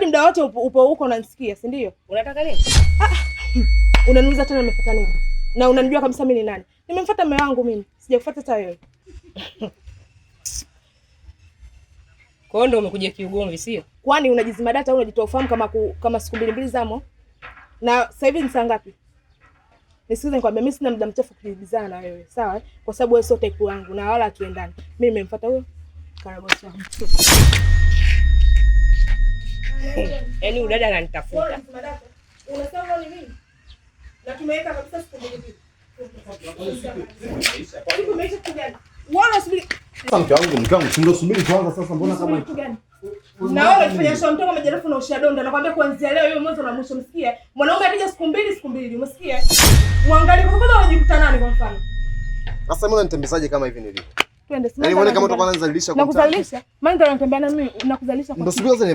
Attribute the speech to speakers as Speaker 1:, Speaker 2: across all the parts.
Speaker 1: mradi muda wote upo huko unanisikia, si ndio? Unataka nini? Ah, ah hmm. unaniuliza tena nimefuata nini? Na unanijua kabisa mimi ni nani. Nimemfuata mume wangu mimi. Sijakufuata hata wewe.
Speaker 2: Kwa hiyo ndio umekuja kiugomvi, sio?
Speaker 1: Kwani unajizima data au unajitoa ufahamu kama ku, kama siku mbili mbili zamo? Na sasa hivi ni saa ngapi? Nisikize nikwambia mimi sina muda mchafu kujibizana na wewe, sawa? Kwa sababu wewe sio type wangu na wala hatuendani. Mimi nimemfuata huyo Karibu sana.
Speaker 2: Eh, yaani udada ananitafuta. Mke
Speaker 3: wangu, mke wangu, si ndio? Subiri kwanza sasa, mbona kama
Speaker 1: na wewe unafanya show mtoka majerafu na ushadonda. Nakwambia kuanzia leo hiyo mwanzo na mwisho, msikie. Mwanaume akija siku mbili siku mbili, umesikia? Mwangalie kwanza unajikuta nani kwa mfano.
Speaker 3: Sasa mimi nitembezaje kama hivi nilivyo? Yaani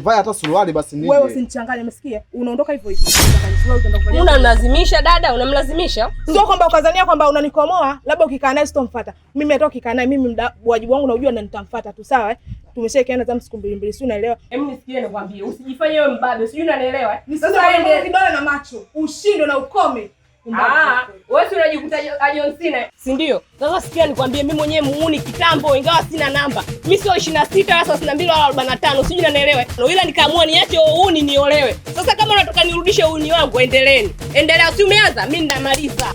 Speaker 3: hata suruali basi nini? Wewe
Speaker 1: usinichanganye, umesikia? Unaondoka hivyo hivyo.
Speaker 2: Unamlazimisha dada, unamlazimisha.
Speaker 1: Sio kwamba ukazania kwamba unanikomoa, labda ukikaa naye sitomfuata. Mimi hata ukikaa naye mimi wajibu wangu naujua na nitamfuata tu, sawa eh? Tumeshaikaana zamu siku mbili mbili, si unaelewa?
Speaker 2: Hebu nisikie nikwambie, usijifanye wewe mbabe, sijui unanielewa. Eh?
Speaker 1: Ni sasa wewe ndio kidole na macho. Ushindwe na ukome.
Speaker 2: Ah, wewe unajikuta John Cena, si ndio? Sasa sikia nikwambie, mimi mwenyewe muuni kitambo, ingawa sina namba mimi, sio 26 wala 32 wala 45, sijui nanielewe, ila nikaamua niache uuni niolewe. Sasa kama unataka nirudishe uuni wangu, endeleeni, endelea. Si umeanza, mimi ndamaliza.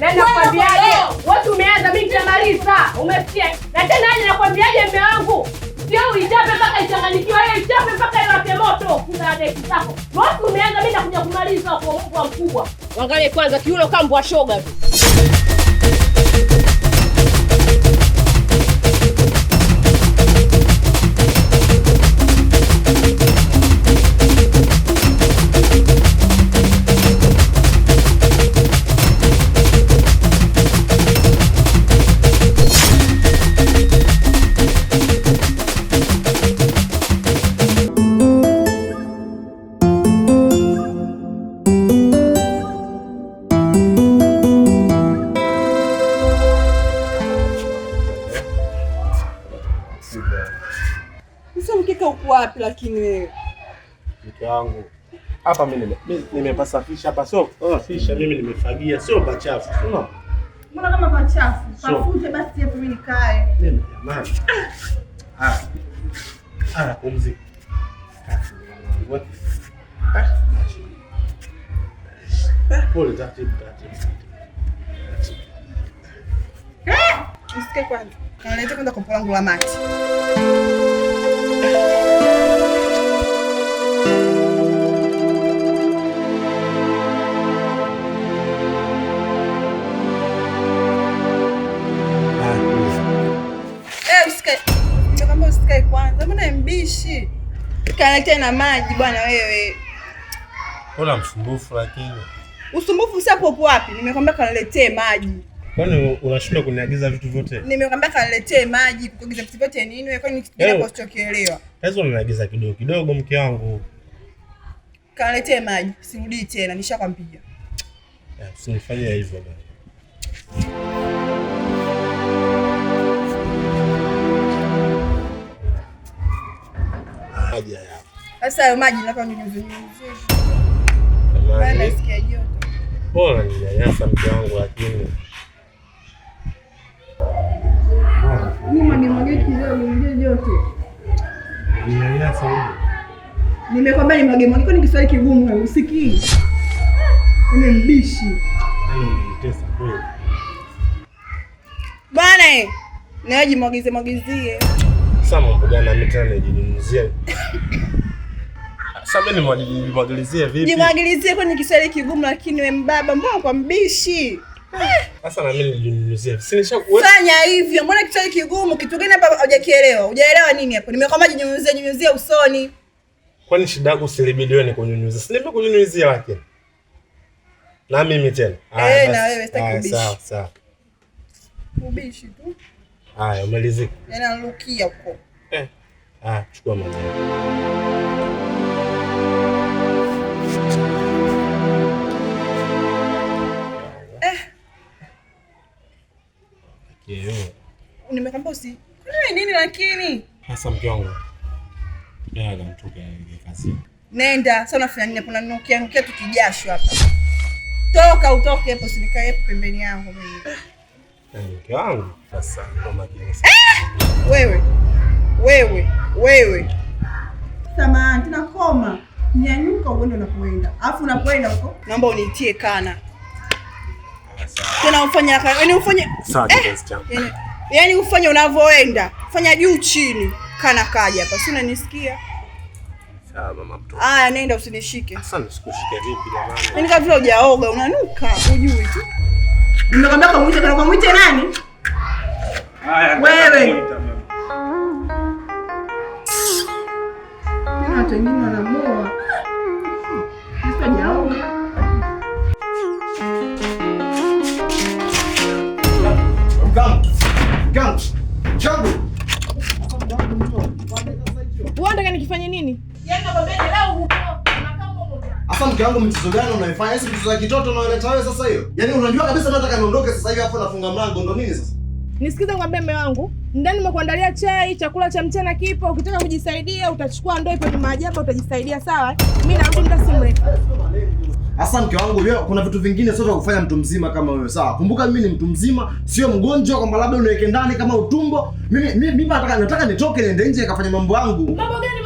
Speaker 2: Nakwambiaje, wewe umeanza, mimi nitamaliza. Umesikia? Na tena nakwambiaje, mume wangu Sikio ichape mpaka ichanganyikiwe, hiyo ichape mpaka iwake moto. Kuna deki zako. Wapi umeanza mimi nakuja kumaliza kwa mkubwa. Wangalie kwanza kiuno kama shoga tu.
Speaker 3: mke wangu hapa mimi nimepasafisha hapa, sio safisha ah, mimi nimefagia, sio pachafu.
Speaker 2: Mbona kama pachafu? Pafute basi hapo mimi nikae.
Speaker 3: Mimi jamani. Ah. Ah, pumzika. Ah, ah, Pole taratibu taratibu.
Speaker 2: Eh, kwanza. Naleta kwanza kopo langu la mati. akae kwanza, mbona mbishi? Kanatia na maji bwana wewe.
Speaker 3: Kuna msumbufu lakini.
Speaker 2: Usumbufu sasa popo wapi? Nimekwambia kaniletee maji.
Speaker 3: Kwani unashindwa kuniagiza vitu vyote?
Speaker 2: Nimekwambia kaniletee maji, kuagiza vitu vyote nini wewe? Kwani kitu gani eh, usichokielewa?
Speaker 3: Hizo unaniagiza kidogo kidogo mke wangu.
Speaker 2: Kaniletee maji, sirudii tena, nishakwambia.
Speaker 3: Eh, usinifanyie hivyo bwana. haja ya
Speaker 2: sasa hayo maji nanyanyasa
Speaker 3: mke wangu, lakini
Speaker 2: nimekwambia ni mwage mwage, kwani Kiswahili kigumu usikii? Mbishi
Speaker 3: yaani
Speaker 2: bwana, eh, nawe jimwagize mwagizie
Speaker 3: sasa mambo gani mimi tena nijizungumzie? Sasa mimi nimwagilizie vipi?
Speaker 2: Nimwagilizie kwenye Kiswahili kigumu, lakini wewe mbaba, mbona kwa mbishi?
Speaker 3: Eh. Sasa na mimi nijizungumzie. Si nishakuweka.
Speaker 2: Fanya hivyo. Mbona Kiswahili kigumu? Kitu gani hapa hujakielewa? Hujaelewa nini hapo? Nimekwambia jinyunyuzie, jinyunyuzie usoni.
Speaker 3: Kwani shida yako usilibidi wewe nikunyunyuzie? Si nimekunyunyuzia lakini. Na mimi tena.
Speaker 2: Eh, na wewe sitaki ubishi. Sawa, sawa. Ubishi tu.
Speaker 3: Haya, umalizika.
Speaker 2: Nalukia huko. Eh.
Speaker 3: Haya, chukua maji. Eh.
Speaker 2: Nimekwambia usi nini lakini?
Speaker 3: Sasa mke wangu. Kazi.
Speaker 2: Nenda, sasa unafanya nini? Kuna nukia nukia tukijasho hapa. Toka utoke hapo, usikae hapo pembeni yangu mimi
Speaker 3: mke wangu sasa. Kwa makini
Speaker 2: ah! wewe wewe wewe, samahani, tunakoma. Nyanyuka uende unapoenda, alafu unapoenda huko naomba uniitie kana tena, ufanye yani ufanye
Speaker 3: eh! yani
Speaker 2: yaani ufanye unavyoenda, fanya juu chini, kana kaja hapa, si unanisikia? Aya, nenda usinishike.
Speaker 3: Sasa vipi jamani?
Speaker 2: Ni yaani kama unanuka, hujui tu. Nimekwambia kamwite kana kamwite nani?
Speaker 3: wewe.
Speaker 2: Hata mimi namoa. Sasa jaona. Unataka nikifanye nini?
Speaker 1: Yaani nakwambia leo
Speaker 3: Hasa mke wangu mchezo gani unaifanya? Hizi mchezo za kitoto unaoleta wewe sasa hiyo? Yaani unajua kabisa nataka niondoke sasa hivi hapo nafunga mlango ndo nini sasa?
Speaker 2: Nisikize nikwambie mume wangu, ndani nimekuandalia chai, chakula cha mchana kipo, ukitaka kujisaidia utachukua ndoo ipo ni maajabu utajisaidia sawa? Mimi narudi muda si mrefu.
Speaker 3: Hasa mke wangu wewe, kuna vitu vingine sio vya kufanya mtu mzima kama wewe sawa. Kumbuka mimi ni mtu mzima, sio mgonjwa kwamba labda uniweke ndani kama utumbo. Mimi mimi nataka nataka nitoke niende nje nikafanye mambo yangu.
Speaker 2: Mambo gani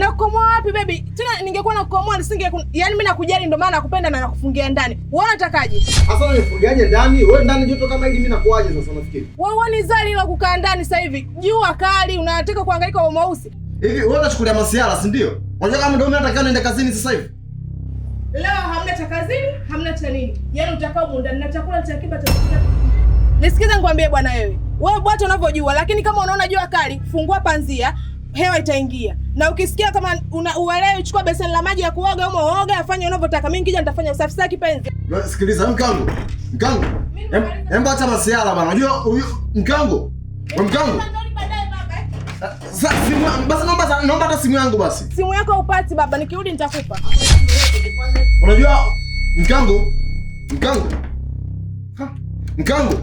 Speaker 2: na kukomoa wapi baby? Tena ningekuwa na kukomoa nisinge yani, mimi nakujali ndio maana nakupenda na nakufungia ndani. Wewe unatakaje?
Speaker 3: Sasa unifungiaje ndani? Wewe ndani joto kama hili mimi nakuaje sasa nafikiri.
Speaker 2: Wewe ni zali la kukaa ndani sasa hivi. Jua kali unataka kuangaika kwa mausi.
Speaker 3: Hivi wewe unachukulia masiara si ndio? Unajua kama ndio mimi natakiwa niende kazini sasa hivi.
Speaker 2: Leo hamna cha kazini, hamna cha nini. Yaani utakao muda na chakula cha kiba cha Nisikize nikwambie bwana wewe. Wewe bwana unavyojua lakini kama unaona jua kali, fungua panzia, hewa itaingia. Na ukisikia kama una uelewi, chukua beseni la maji ya kuoga au uoge, afanye unavyotaka. Mimi nikija nitafanya usafi sasa kipenzi.
Speaker 3: Sikiliza mkango. Mkango. Hem, acha masiala bana. Unajua huyu mkango. Wewe mkango. Sasa simu basi naomba naomba hata simu yangu basi.
Speaker 2: Simu yako upati baba, nikirudi nitakupa.
Speaker 3: Unajua mkango. Mkango. Ha? Mkango.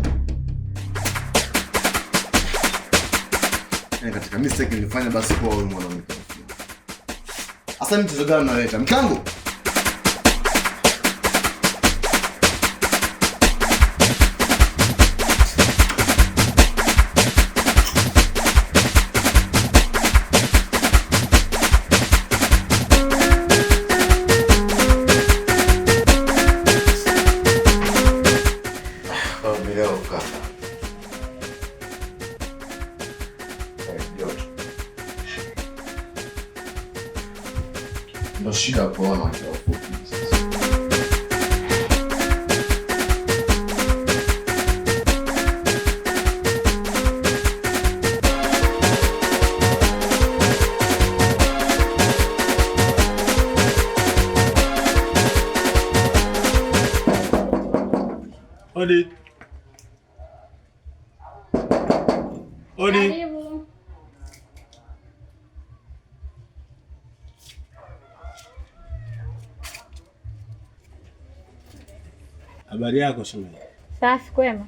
Speaker 3: nimefanya katika mistake nilifanya, basi kwa huyu mwanamke. Hasa ni mchezo gani unaleta mkango? Hadi. Hadi. Habari yako shemeji?
Speaker 2: Safi kwema.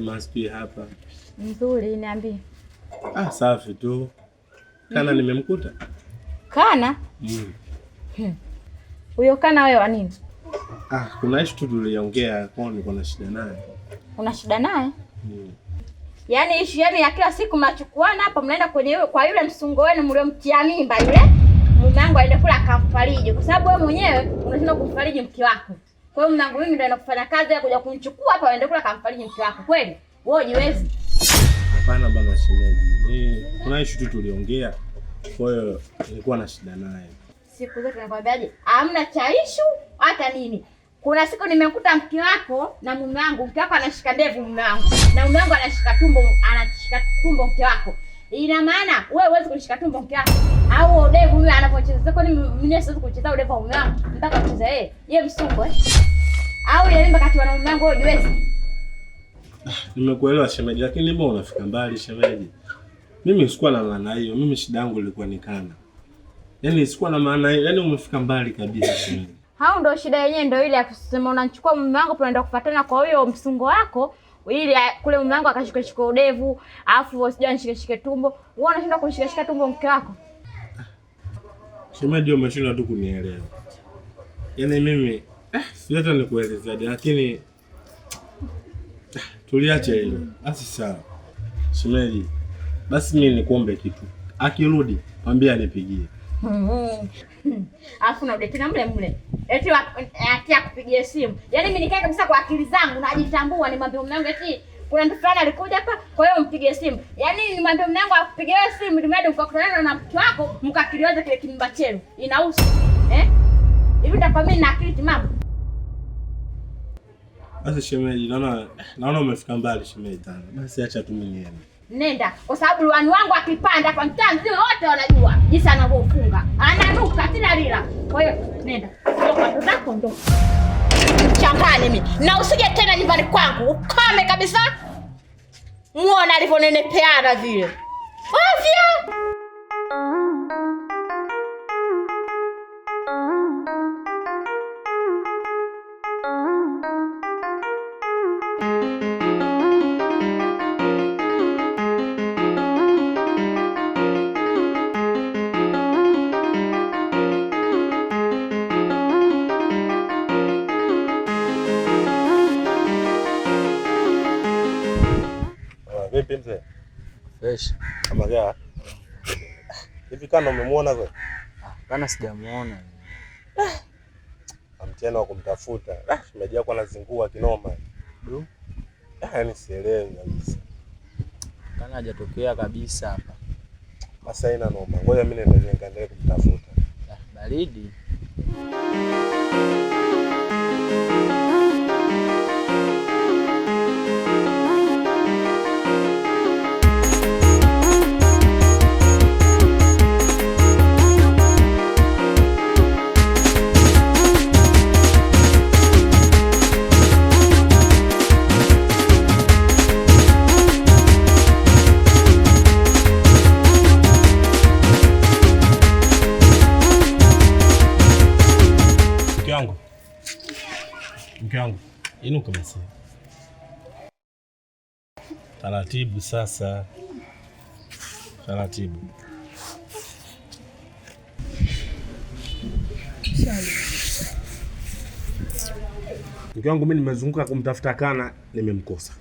Speaker 3: must be hapa.
Speaker 2: Nzuri, niambie.
Speaker 3: Ah, safi tu. Kana mm. nimemkuta.
Speaker 2: Kana? Mm. Huyo Kana wewe wa nini?
Speaker 3: Ah, kuna ishu tu tuliongea kwa nilikuwa kuna shida naye.
Speaker 2: Una shida naye? Mm. Yaani ishu yenu yaani ya kila siku mnachukuana hapa mnaenda kwenye yule kwa yule msungo wenu mliomtia mimba yule. Mume wangu aende kula kamfariji kwa sababu wewe mwenyewe unashinda kumfariji mke wako. Kwa hiyo mwanangu, mimi ndio nakufanya kazi ya kuja kumchukua hapa aende kula kamfariji mke wako. Kweli? Wewe ujiwezi.
Speaker 3: Hapana bwana shemeji. Eh, kuna ishu tu tuliongea. Kwa hiyo nilikuwa na shida naye.
Speaker 2: Siku zote nakwambiaje? Hamna cha issue hata nini. Kuna siku nimekuta mke wako na mume wangu, mke wako anashika ndevu mume wangu, na mume wangu anashika tumbo, anashika tumbo mke wako. Ina maana wewe huwezi kunishika tumbo mke wako au ndevu mimi anapocheza. Sasa kwa nini mimi siwezi kucheza udevu mume wangu mpaka kucheza yeye yeye msungu eh? Au ile mimba kati wana mume wangu wewe huwezi.
Speaker 3: Ah, nimekuelewa shemeji, lakini mbona unafika mbali shemeji? Mimi sikuwa na maana hiyo. Mimi shida yangu ilikuwa ni kana, yaani sikuwa na maana hiyo, yaani umefika mbali kabisa shemeji
Speaker 2: hao ndo shida yenyewe, ndo ile ya kusema unachukua mume wangu tunaenda kupatana kwa hiyo msungo wako ili kule mume wangu akashikashika udevu afu sijui anishikashike tumbo, wewe unashinda kunishikashika tumbo mke wako.
Speaker 3: Shemeji, umeshinda tu kunielewa. Yaani mimi eh, hata nikuelezea lakini eh, tuliache hilo. Basi sawa. Shemeji, basi mimi nikuombe kitu. Akirudi, mwambie anipigie.
Speaker 2: Alafu na udeti mle mle. Eti atia kupigia simu. Yaani mimi nikae kabisa kwa akili zangu najitambua nimwambie mume wangu eti kuna mtu fulani alikuja hapa, kwa hiyo mpigie simu. Yaani nimwambie mume wangu akupigie simu ili mradi ukakutana na mtu wako mkakiliwaza kile kimba chenu. Inahusu. Eh? Hivi ndio na akili timamu.
Speaker 3: Basi shemeji, naona naona umefika mbali shemeji tena. Basi acha tu mimi niende
Speaker 2: nenda, kwa sababu Luani wangu akipanda kwa mtaa mzima wote wanajua jinsi anavyofunga, ananuka tena lila. Kwa hiyo nenda zako, ndo mchangane mimi na usije tena nyumbani kwangu, ukame kabisa. Muona alivyonenepeana vile ovyo.
Speaker 3: Magaa. Hivi kana umemuona kweli?
Speaker 2: kana sijamuona.
Speaker 3: Ah, Mtena wa kumtafuta. Shemeji ah, yako anazingua kinoma. Du. Yaani sielewi kabisa.
Speaker 2: Kana hajatokea kabisa hapa.
Speaker 3: Sasa ina noma. Ngoja mimi niendelee nikaendelee kumtafuta. Baridi. Taratibu sasa, taratibu. Mke wangu mimi nimezunguka kumtafuta Kana, nimemkosa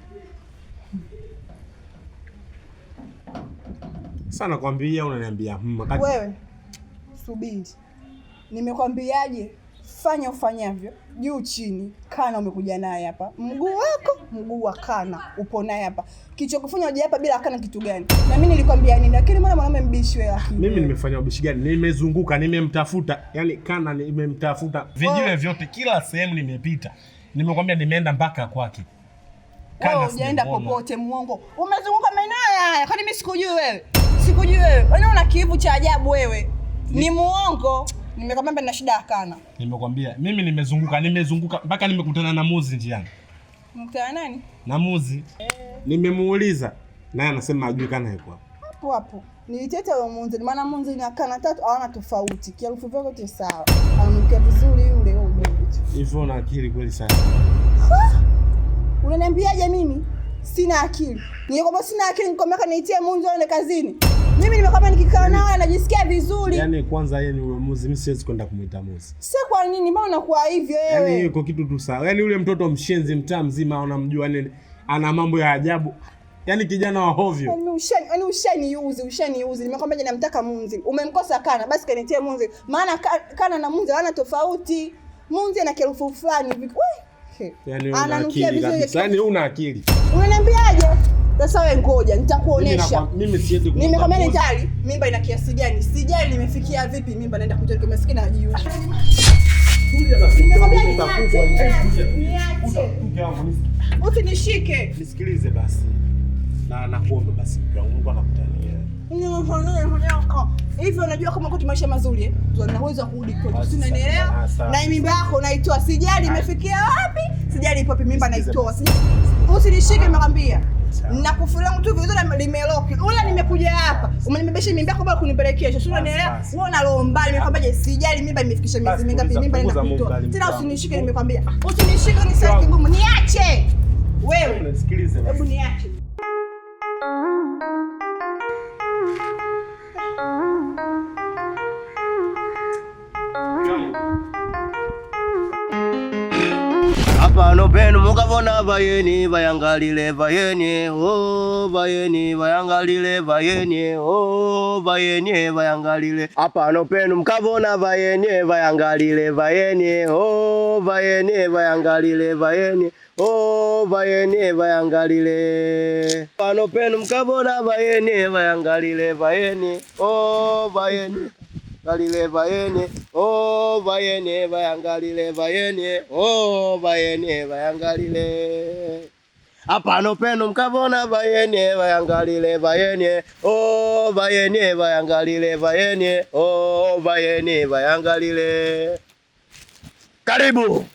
Speaker 3: sana. Kwambia unaniambia hmm, wewe,
Speaker 2: subiri, nimekwambiaje? fanya ufanyavyo, juu chini. Kana umekuja naye hapa, mguu wako mguu wa Kana upo naye hapa, kichokufanya uje hapa bila Kana kitu gani? Na mimi nilikwambia nini? Lakini mbona mwanaume mbishi wewe? Lakini
Speaker 3: mimi nimefanya ubishi gani? Nimezunguka, nimemtafuta, yani Kana nimemtafuta vijijini oh. vyote, kila sehemu nimepita, nimekwambia nimeenda mpaka kwake.
Speaker 2: Kana hujaenda popote, muongo. Umezunguka maeneo haya, kwani mimi sikujui wewe? Sikujui wewe, wewe una kiivu cha ajabu wewe, ni muongo. Nimekwambia na shida akana.
Speaker 3: Nimekwambia mimi nimezunguka, nimezunguka mpaka nimekutana na Muzi njiani.
Speaker 2: Mkutana nani?
Speaker 3: Na Muzi. Eh. Nimemuuliza naye anasema ajui kana yuko hapo.
Speaker 2: Hapo hapo. Niliteta wa Munzi, maana muzi ni kana tatu hawana tofauti. Kiarufu vyako vyote sawa. Anamkia vizuri yule yule.
Speaker 3: Hivyo una akili kweli sana.
Speaker 2: Unaniambiaje mimi? Sina akili. Nilikwambia sina akili, niko nikomeka niitie muzi aone kazini. Mimi nimekuwa nikikaa yaani- naye anajisikia vizuri.
Speaker 3: Yaani kwanza yeye ni uamuzi, mimi siwezi kwenda kumuita muzi.
Speaker 2: Sasa kwa nini? Mbona unakuwa hivyo
Speaker 3: wewe? Yaani yuko kitu tu sawa. Yaani yule mtoto mshenzi mtaa mzima unamjua nini? Yaani ana mambo ya ajabu. Yaani kijana wa hovyo.
Speaker 2: Yaani ushani, yaani ushani yuzi, ushani yuzi. Nimekwambia je, namtaka munzi. Umemkosa kana, basi kanitie munzi. Maana kana na munzi hawana tofauti. Munzi ana kerufu fulani hivi.
Speaker 3: Yaani una akili. Yaani una akili.
Speaker 2: Unaniambiaje? Sasa wewe ngoja nitakuonesha. Mimi siwezi kumwambia. Nimekwambia nitali mimba ina kiasi gani? Sijali nimefikia vipi mimba naenda kwa maskini na jioni. Usinishike.
Speaker 3: Nisikilize basi. Na nakuomba basi kwa Mungu anakutania.
Speaker 2: Ni hivyo unajua kama kwetu maisha mazuri eh? Tuna uwezo wa kurudi kwetu. Ah, si unanielewa? Na mimba yako naitoa. Sijali ah. imefikia wapi? Sijali ipo mimba naitoa. Usinishike Usinishike ah, Na Nakufurahia mtu vizuri na limeloki. Ula nimekuja hapa. Umenibebesha mimba yako bado kunipelekea. Si unanielewa? Wewe una roho mbaya. Nimekwambia sijali mimba imefikisha miezi mingapi mimba inaenda kutoa. Tena usinishike nimekwambia. Usinishike ni sasa kingumu. Niache. Wewe. Hebu niache.
Speaker 3: bano benu mukabona bayeni bayangalile bayeni oh bayeni bayangalile bayeni oh bayeni bayangalile apano penu mukabona bayeni bayangalile bayeni oh bayeni bayangalile bayeni oh bayeni bayangalile pano penu mukabona bayeni bayangalile bayeni oh bayeni galileva yene o vayene vayangalileva yene o vayene vayangalile apano peno mkavona vayene vayangalile vayene o vayene vayangalile vayene o vayene vayangalile. Karibu,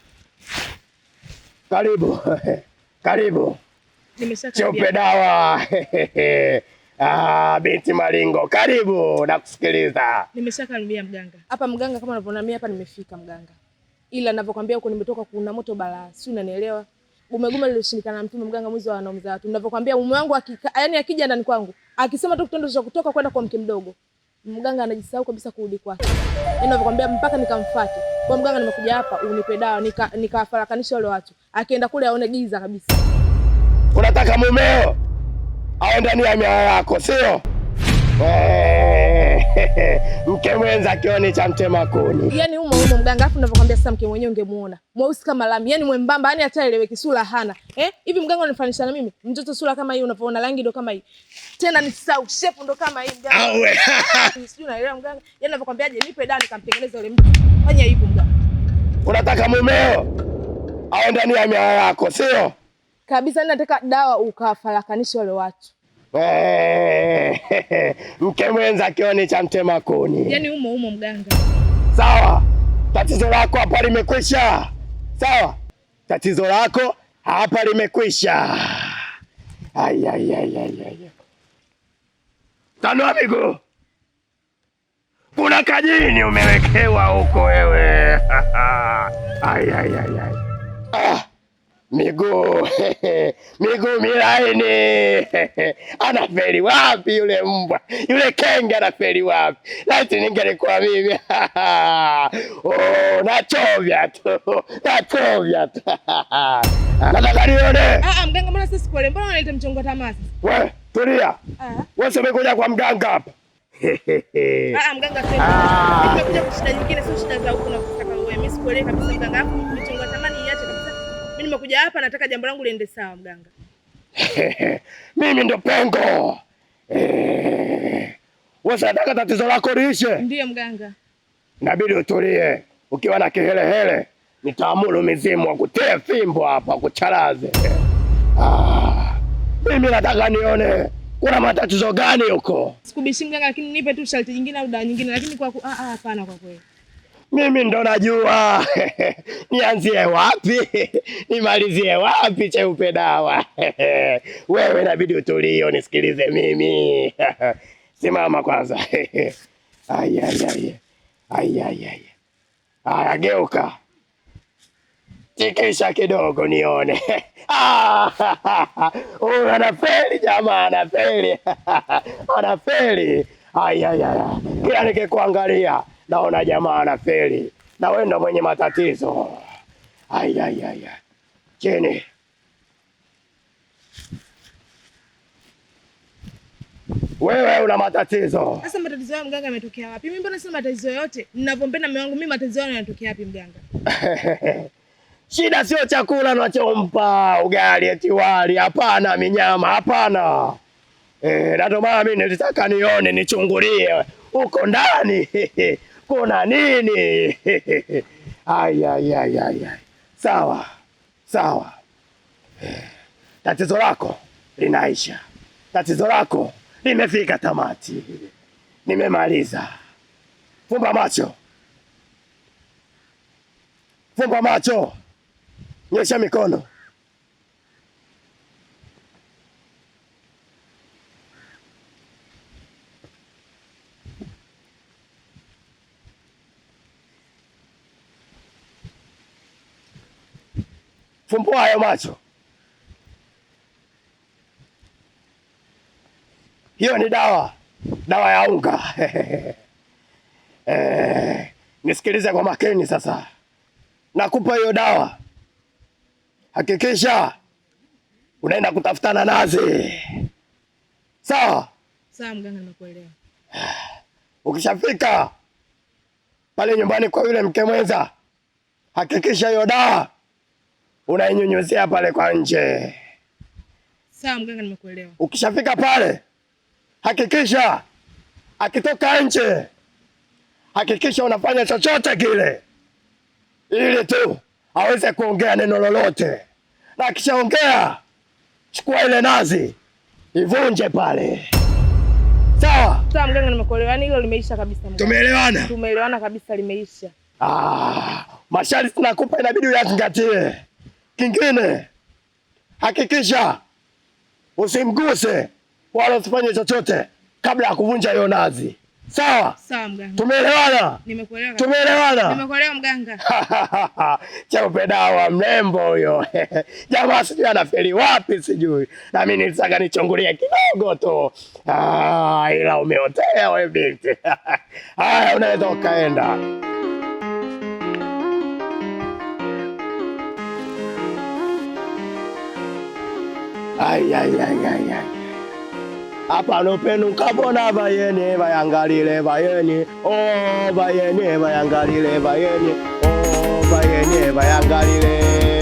Speaker 3: karibu, karibu, Cheupe Dawa Ah, binti Maringo, karibu na kusikiliza.
Speaker 2: Nimeshakaribia mganga. Hapa mganga, kama unavyoona mimi hapa nimefika mganga. Ila ninavyokuambia huko nimetoka kuna moto balaa. Si unanielewa? Gumeguma lilishindikana mtume mganga mwizi wa wanaume za watu. Ninavyokuambia mume wangu akika, yani akija ndani kwangu, akisema tu kitendo cha kutoka kwenda kwa mke mdogo. Mganga anajisahau kabisa kurudi kwake. Yaani ninavyokuambia mpaka nikamfuate. Kwa mganga nimekuja hapa unipe dawa nikafarakanisha nika wale watu. Akienda kule aone giza kabisa.
Speaker 3: Unataka mumeo? au ndani ya mioyo yako, sio? Eh, mke mwenza kioni cha mtema kuni.
Speaker 2: Yaani umo umo mganga afu ninavyokuambia sasa mke mwenyewe ungemuona. Mweusi kama lami, yani mwembamba, yani hata eleweki sura hana. Eh? Hivi mganga unanifanisha na mimi? Mtoto sura kama hii unavyoona rangi ndo kama hii. Tena ni sawa shape ndo kama hii
Speaker 3: mganga. Awe. Sijui
Speaker 2: naelewa mganga. Yaani ninavyokuambiaje nipe dawa nikamtengeneza yule mtu. Fanya hivyo mganga.
Speaker 3: Unataka mumeo? Au ndani ya mioyo yako, sio?
Speaker 2: kabisa, nataka dawa ukafarakanishe wale watu.
Speaker 3: Mke mwenza kioni cha mtema kuni,
Speaker 2: yani umo umo mganga.
Speaker 3: Sawa, tatizo lako hapa limekwisha. Sawa, tatizo lako hapa limekwisha. Tanua miguu, kuna kajini umewekewa huko wewe. ay, Ah miguu miguu milaini anafeli wapi yule mbwa yule kenge anafeli wapi? Laiti ningelikuwa mimi oh, nachovya tu nachovya tu nataka nione. Ah,
Speaker 2: ah, mganga, mbona sisi pole, mbona unaleta mchongo tamasi?
Speaker 3: We tulia, ah. we si umekuja kwa mganga hapa?
Speaker 2: Mganga, nimekuja kwa shida nyingine, sio shida za huko na kutaka wewe. Mimi sikuelewi kabisa mganga nimekuja hapa, nataka jambo langu liende sawa mganga.
Speaker 3: mimi ndo pengo wewe, wasataka tatizo lako liishe.
Speaker 2: Ndiyo mganga,
Speaker 3: inabidi utulie. Ukiwa na kihelehele, nitaamuru mizimu akutie fimbo hapa kucharaze. Ah, mimi nataka nione kuna matatizo gani huko.
Speaker 2: Sikubishi mganga, lakini nipe tu sharti jingine au dawa nyingine, lakini kwa ku... ah, ah, hapana, kwa kweli
Speaker 3: mimi ndo najua nianzie wapi nimalizie wapi. Cheupe dawa wewe, inabidi utulie unisikilize mimi. Simama kwanza. aya, geuka, tikisha kidogo nione. Huyu anafeli jamaa, anafeli anafeli. Ayayaya, kila nikikuangalia naona jamaa anafeli na wewe ndo mwenye matatizo. Ai, ai, ai. Cheni. Wewe una matatizo.
Speaker 2: Sasa matatizo ya mganga yametokea wapi? Mimi mbona sina matatizo yote? Ninavyompenda mume wangu mimi matatizo yangu yanatokea wapi mganga?
Speaker 3: Shida sio chakula nachompa ugali eti wali, hapana minyama, hapana. Eh, na ndio maana mimi nilitaka nione nichungulie huko ndani. kuna nini? Ay, ay, ay, ay. Sawa sawa, tatizo lako linaisha, tatizo lako limefika tamati, nimemaliza. Fumba macho, fumba macho, nyosha mikono. Fumbua hayo macho. Hiyo ni dawa, dawa ya unga. Eh, nisikilize kwa makini sasa, nakupa hiyo dawa. Hakikisha unaenda kutafutana nazi, sawa?
Speaker 2: Sawa mganga, nakuelewa.
Speaker 3: Ukishafika pale nyumbani kwa yule mke mwenza, hakikisha hiyo dawa unainyunyuzia pale kwa nje.
Speaker 2: Sawa mganga, nimekuelewa.
Speaker 3: Ukishafika pale, hakikisha akitoka nje, hakikisha unafanya chochote kile, ili tu aweze kuongea neno lolote, na akishaongea, chukua ile nazi ivunje pale. Sawa
Speaker 2: sawa mganga, nimekuelewa. Yani hilo limeisha kabisa mganga.
Speaker 3: Tumeelewana,
Speaker 2: tumeelewana kabisa, limeisha.
Speaker 3: Ah, masharti tunakupa inabidi uyazingatie. Kingine hakikisha usimguse wala usifanye chochote kabla ya kuvunja hiyo nazi. Sawa, tumeelewana? Tumeelewana. Cheupe dawa mrembo huyo jamaa, sijui anafeli wapi, sijui nami nilitaka nichungulie kidogo tu. Ah, ila umeotea wewe binti. Haya, unaweza ukaenda. Ay, ay, ay, ay, ay. Apano penu kabona bayene bayangalile bayene oh bayene bayangalile bayene oh bayene bayangalile